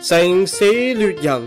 城市劣人，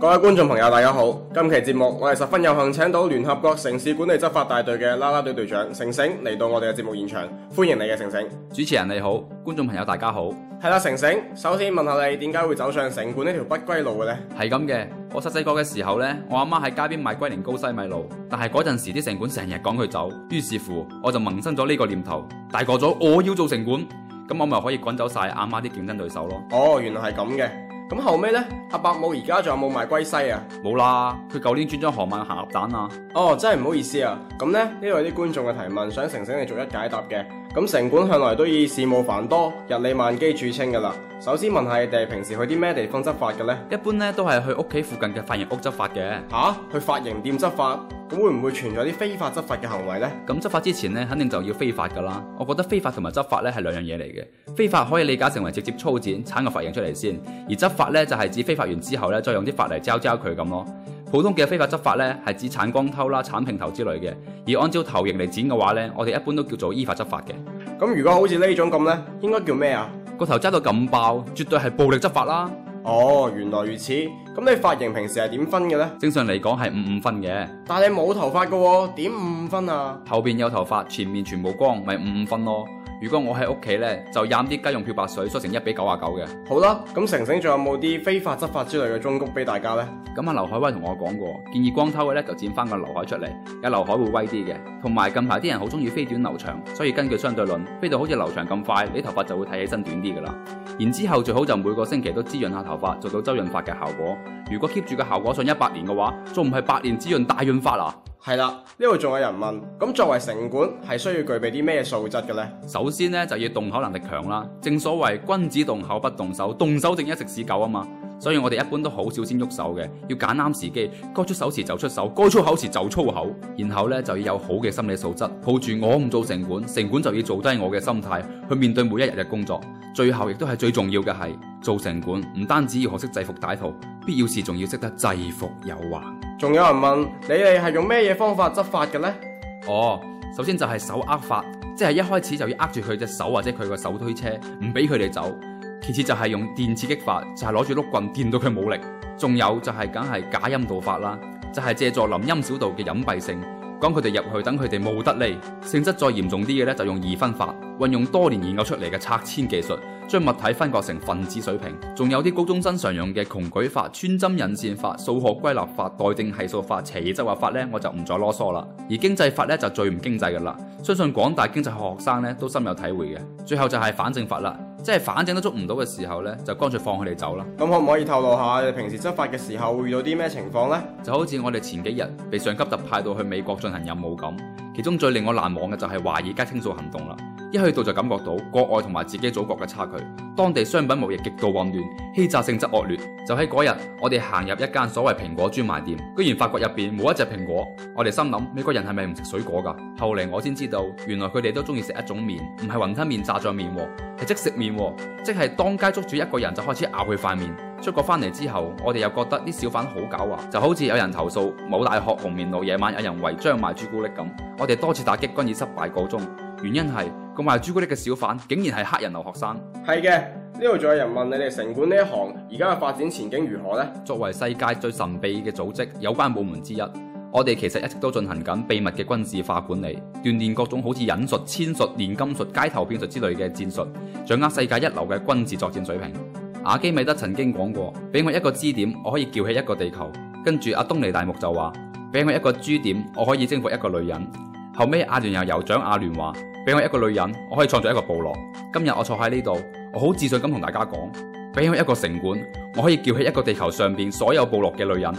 各位觀眾朋友，大家好。今期節目我哋十分有幸請到聯合國城市管理執法大隊嘅啦啦隊隊長成成嚟到我哋嘅節目現場，歡迎你嘅成成。城城，主持人你好，觀眾朋友大家好。係啦，成成，首先問下你點解會走上城管呢條不歸路嘅咧？係咁嘅，我細細個嘅時候咧，我阿媽喺街邊賣龜苓膏西米露，但係嗰陣時啲城管成日趕佢走，於是乎我就萌生咗呢個念頭，大個咗我要做城管。咁我咪可以滾走晒阿媽啲競爭對手咯。哦，原來係咁嘅。咁後尾呢，阿伯母而家仲有冇賣龜西啊？冇啦，佢舊年轉咗河馬蟹蛋啊。哦，真係唔好意思啊。咁咧，呢度有啲觀眾嘅提問，想誠請你逐一解答嘅。咁城管向來都以事務繁多、日理萬機著稱㗎喇。首先問下，你哋平時去啲咩地方執法嘅咧？一般咧都係去屋企附近嘅髮型屋執法嘅吓、啊，去髮型店執法咁會唔會存在啲非法執法嘅行為呢？咁執、嗯、法之前咧，肯定就要非法㗎喇。我覺得非法同埋執法咧係兩樣嘢嚟嘅。非法可以理解成為直接粗剪、鏟個髮型出嚟先，而執法咧就係、是、指非法完之後咧再用啲法嚟招招佢咁咯。普通嘅非法執法咧，係指剷光頭啦、剷平頭之類嘅；而按照頭型嚟剪嘅話咧，我哋一般都叫做依法執法嘅。咁如果好似呢種咁咧，應該叫咩啊？個頭揸到咁爆，絕對係暴力執法啦。哦，原來如此。咁你髮型平時係點分嘅呢？正常嚟講係五五分嘅。但係你冇頭髮嘅喎，點五五分啊？後面有頭髮，前面全部光，咪五五分咯。如果我喺屋企咧，就染啲家用漂白水，縮成，比成有有一比九啊九嘅。好啦，咁成成仲有冇啲非法執法之類嘅忠告俾大家呢？咁啊，劉海威同我講過，建議光頭嘅咧就剪翻個劉海出嚟，有劉海會威啲嘅。同埋近排啲人好中意飛短流長，所以根據相對論，飛到好似劉翔咁快，你頭髮就會睇起身短啲噶啦。然之後最好就每個星期都滋潤下頭髮，做到周潤發嘅效果。如果 keep 住個效果上一百年嘅話，仲唔係百年滋潤大潤發啊？係啦，呢度仲有人問，咁作為城管係需要具備啲咩素質嘅呢？首先咧就要動口能力強啦，正所謂君子動口不動手，動手正一食屎狗啊嘛，所以我哋一般都好少先喐手嘅，要揀啱時機，該出手時就出手，該粗口時就粗口，然後咧就要有好嘅心理素質，抱住我唔做城管，城管就要做低我嘅心態去面對每一日嘅工作。最後亦都係最重要嘅係做城管，唔單止要學識制服歹徒，必要時仲要識得制服誘惑。仲有人問：「你哋係用咩嘢方法執法嘅呢？」哦，首先就係手握法，即係一開始就要握住佢隻手或者佢個手推車，唔俾佢哋走。其次就係用電刺激法，就係攞住碌棍電到佢冇力。仲有就係梗係假陰道法啦，就係、是、借助林陰小道嘅隱蔽性。講佢哋入去，等佢哋冇得利。性質再嚴重啲嘅呢，就用二分法，運用多年研究出嚟嘅拆遷技術，將物體分割成分子水平。仲有啲高中生常用嘅窮舉法、穿針引線法、數學歸納法、待定係數法、斜率積法呢，我就唔再囉嗦啦。而經濟法呢，就最唔經濟噶啦，相信廣大經濟學學生呢，都深有體會嘅。最後就係反證法啦。即係反正都捉唔到嘅時候咧，就乾脆放佢哋走啦。咁可唔可以透露下你哋平時執法嘅時候會遇到啲咩情況咧？就好似我哋前幾日被上級特派到去美國進行任務咁，其中最令我難忘嘅就係華爾街清掃行動啦。一去到就感覺到國外同埋自己祖國嘅差距，當地商品貿易極度混亂，欺詐性質惡劣。就喺嗰日，我哋行入一間所謂蘋果專賣店，居然發覺入邊冇一隻蘋果。我哋心諗美國人係咪唔食水果噶？後嚟我先知道，原來佢哋都中意食一種麵，唔係雲吞麵、炸醬麵，係即食麵，即係當街捉住一個人就開始咬佢塊面。出國翻嚟之後，我哋又覺得啲小販好狡猾，就好似有人投訴某大學紅棉路夜晚有人違章賣朱古力咁，我哋多次打擊均以失敗告終。原因係個賣朱古力嘅小販竟然係黑人留學生，係嘅。呢度仲有人問你哋城管呢一行而家嘅發展前景如何呢？作為世界最神秘嘅組織，有關部門之一，我哋其實一直都進行緊秘密嘅軍事化管理，鍛鍊各種好似忍術、千術、煉金術、街頭騙術之類嘅戰術，掌握世界一流嘅軍事作戰水平。阿基米德曾經講過：俾我一個支點，我可以撬起一個地球。跟住阿東尼大木就話：俾我一個支點，我可以征服一個女人。後尾阿聯酋酋長阿聯話。俾我一個女人，我可以創造一個部落。今日我坐喺呢度，我好自信咁同大家講，俾我一個城管，我可以叫起一個地球上邊所有部落嘅女人，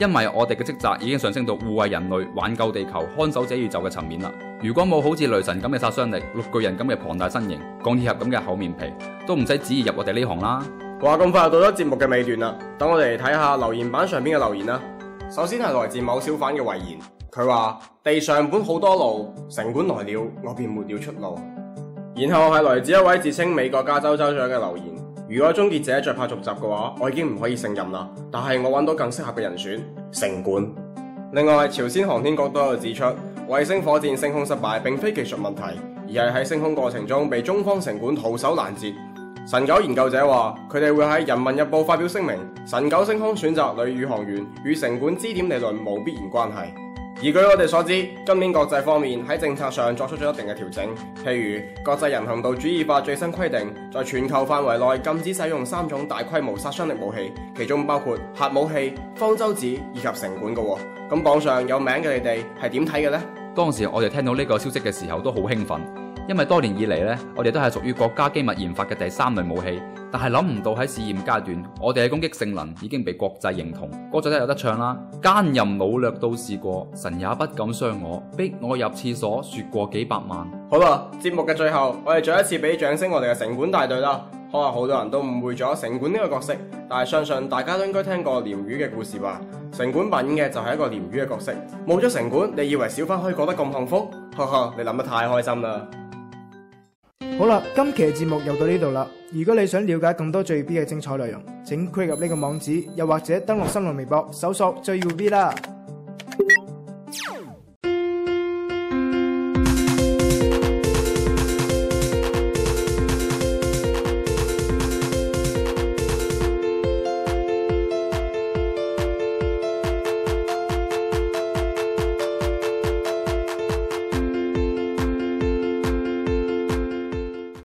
因為我哋嘅職責已經上升到護衛人類、挽救地球、看守者宇宙嘅層面啦。如果冇好似雷神咁嘅殺傷力、綠巨人咁嘅龐大身形、鋼鐵俠咁嘅厚面皮，都唔使旨意入我哋呢行啦。話咁快就到咗節目嘅尾段啦，等我哋嚟睇下留言板上邊嘅留言啦。首先係來自某小販嘅遺言。佢話地上本好多路，城管來了我便沒了出路。然後係來自一位自稱美國加州州長嘅留言：如果終結者再拍續集嘅話，我已經唔可以勝任啦。但係我搵到更適合嘅人選，城管。另外，朝鮮航天局都有指出，衛星火箭升空失敗並非技術問題，而係喺升空過程中被中方城管徒手攔截。神九研究者話，佢哋會喺人民日報發表聲明。神九升空選擇女宇航員與城管支點理論冇必然關係。而據我哋所知，今年國際方面喺政策上作出咗一定嘅調整，譬如國際人行道主義法最新規定，在全球範圍內禁止使用三種大規模殺傷力武器，其中包括核武器、方舟子以及城管嘅。咁榜上有名嘅你哋係點睇嘅呢？當時我哋聽到呢個消息嘅時候都好興奮。因為多年以嚟呢，我哋都係屬於國家機密研發嘅第三類武器，但係諗唔到喺試驗階段，我哋嘅攻擊性能已經被國際認同，歌仔都有得唱啦。奸淫擄掠都試過，神也不敢傷我，逼我入廁所，說過幾百萬。好啦，節目嘅最後，我哋再一次俾掌聲，我哋嘅城管大隊啦。可能好多人都誤會咗城管呢個角色，但係相信大家都應該聽過鯰魚嘅故事吧？城管扮演嘅就係一個鯰魚嘅角色，冇咗城管，你以為小花可以過得咁幸福？呵呵，你諗得太開心啦！好啦，今期嘅節目又到呢度啦。如果你想了解更多最耀 B 嘅精彩內容，請加入呢個網址，又或者登錄新浪微博，搜索最耀 B 啦。